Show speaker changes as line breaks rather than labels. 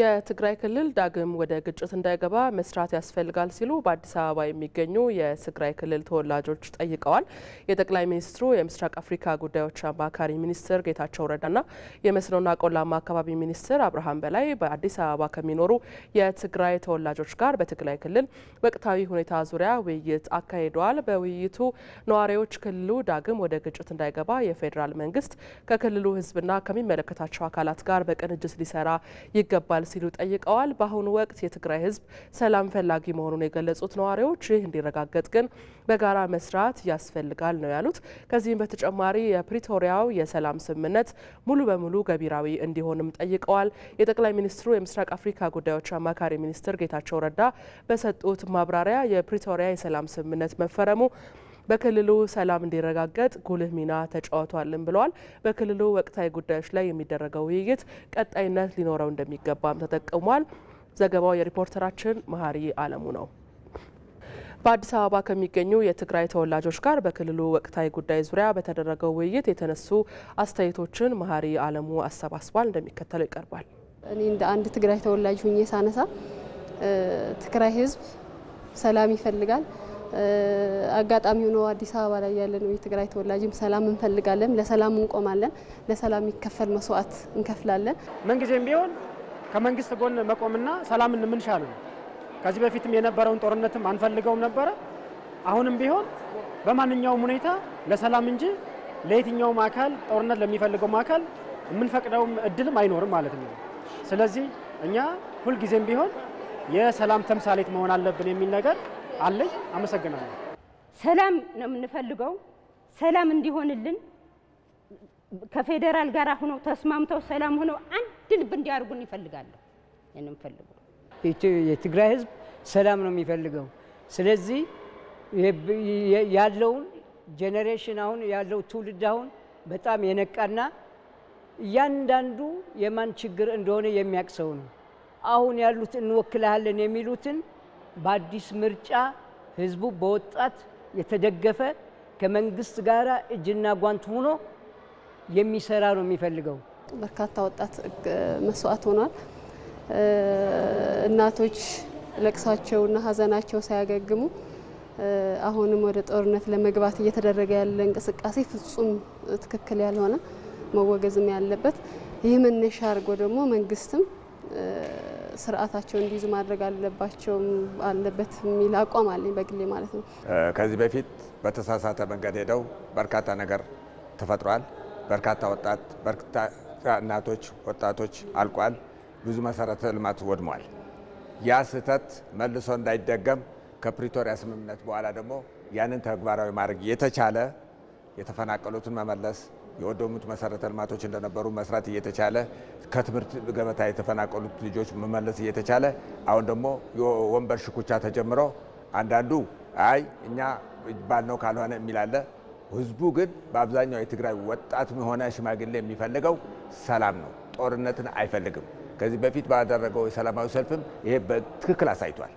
የትግራይ ክልል ዳግም ወደ ግጭት እንዳይገባ መስራት ያስፈልጋል ሲሉ በአዲስ አበባ የሚገኙ የትግራይ ክልል ተወላጆች ጠይቀዋል። የጠቅላይ ሚኒስትሩ የምስራቅ አፍሪካ ጉዳዮች አማካሪ ሚኒስትር ጌታቸው ረዳና የመስኖና ቆላማ አካባቢ ሚኒስትር አብርሃም በላይ በአዲስ አበባ ከሚኖሩ የትግራይ ተወላጆች ጋር በትግራይ ክልል ወቅታዊ ሁኔታ ዙሪያ ውይይት አካሂደዋል። በውይይቱ ነዋሪዎች ክልሉ ዳግም ወደ ግጭት እንዳይገባ የፌዴራል መንግስት ከክልሉ ህዝብና ከሚመለከታቸው አካላት ጋር በቅንጅት ሊሰራ ይገባል ሲሉ ጠይቀዋል። በአሁኑ ወቅት የትግራይ ህዝብ ሰላም ፈላጊ መሆኑን የገለጹት ነዋሪዎች ይህ እንዲረጋገጥ ግን በጋራ መስራት ያስፈልጋል ነው ያሉት። ከዚህም በተጨማሪ የፕሪቶሪያው የሰላም ስምምነት ሙሉ በሙሉ ገቢራዊ እንዲሆንም ጠይቀዋል። የጠቅላይ ሚኒስትሩ የምስራቅ አፍሪካ ጉዳዮች አማካሪ ሚኒስትር ጌታቸው ረዳ በሰጡት ማብራሪያ የፕሪቶሪያ የሰላም ስምምነት መፈረሙ በክልሉ ሰላም እንዲረጋገጥ ጉልህ ሚና ተጫውቷልን ብለዋል። በክልሉ ወቅታዊ ጉዳዮች ላይ የሚደረገው ውይይት ቀጣይነት ሊኖረው እንደሚገባም ተጠቅሟል። ዘገባው የሪፖርተራችን መሀሪ አለሙ ነው። በአዲስ አበባ ከሚገኙ የትግራይ ተወላጆች ጋር በክልሉ ወቅታዊ ጉዳይ ዙሪያ በተደረገው ውይይት የተነሱ አስተያየቶችን መሀሪ አለሙ አሰባስቧል። እንደሚከተለው ይቀርባል።
እኔ እንደ አንድ ትግራይ ተወላጅ ሁኜ ሳነሳ ትግራይ ሕዝብ ሰላም ይፈልጋል። አጋጣሚ ሆኖ አዲስ አበባ ላይ ያለነው የትግራይ ተወላጅም ሰላም እንፈልጋለን፣ ለሰላም እንቆማለን፣ ለሰላም የሚከፈል መስዋዕት እንከፍላለን።
ምንጊዜም ቢሆን ከመንግስት ጎን መቆምና ሰላምን የምንሻ ነው። ከዚህ በፊትም የነበረውን ጦርነትም አንፈልገውም ነበረ። አሁንም ቢሆን በማንኛውም ሁኔታ ለሰላም እንጂ ለየትኛውም አካል ጦርነት ለሚፈልገውም አካል የምንፈቅደውም እድልም አይኖርም ማለት ነው። ስለዚህ እኛ ሁልጊዜም ቢሆን የሰላም ተምሳሌት መሆን አለብን የሚል ነገር አለኝ። አመሰግናለሁ።
ሰላም ነው የምንፈልገው። ሰላም እንዲሆንልን ከፌዴራል ጋር ሆኖ ተስማምተው ሰላም ሆነው አንድ ልብ እንዲያደርጉን ይፈልጋለሁ። የምንፈልገው
የትግራይ ህዝብ ሰላም ነው የሚፈልገው። ስለዚህ ያለውን ጄኔሬሽን አሁን ያለው ትውልድ አሁን በጣም የነቃና እያንዳንዱ የማን ችግር እንደሆነ የሚያቅሰው ሰው ነው። አሁን ያሉት እንወክልሃለን የሚሉትን በአዲስ ምርጫ ህዝቡ በወጣት የተደገፈ ከመንግስት ጋር እጅና ጓንት ሆኖ የሚሰራ ነው የሚፈልገው።
በርካታ ወጣት መስዋዕት ሆኗል። እናቶች ለቅሳቸውና ሀዘናቸው ሳያገግሙ አሁንም ወደ ጦርነት ለመግባት እየተደረገ ያለ እንቅስቃሴ ፍጹም ትክክል ያልሆነ መወገዝም ያለበት ይህ መነሻ አድርጎ ደግሞ መንግስትም ስርዓታቸውን እንዲይዙ ማድረግ አለባቸው አለበት የሚል አቋም አለኝ በግሌ ማለት ነው።
ከዚህ በፊት በተሳሳተ መንገድ ሄደው በርካታ ነገር ተፈጥሯል። በርካታ ወጣት በርካታ እናቶች፣ ወጣቶች አልቋል። ብዙ መሰረተ ልማት ወድሟል። ያ ስህተት መልሶ እንዳይደገም ከፕሪቶሪያ ስምምነት በኋላ ደግሞ ያንን ተግባራዊ ማድረግ የተቻለ የተፈናቀሉትን መመለስ የወደሙት መሰረተ ልማቶች እንደነበሩ መስራት እየተቻለ ከትምህርት ገበታ የተፈናቀሉት ልጆች መመለስ እየተቻለ አሁን ደግሞ የወንበር ሽኩቻ ተጀምሮ አንዳንዱ አይ እኛ ባልነው ካልሆነ የሚላለ ህዝቡ ግን በአብዛኛው የትግራይ ወጣት ሆነ ሽማግሌ የሚፈልገው ሰላም ነው። ጦርነትን አይፈልግም። ከዚህ በፊት ባደረገው የሰላማዊ ሰልፍም ይሄ በትክክል አሳይቷል።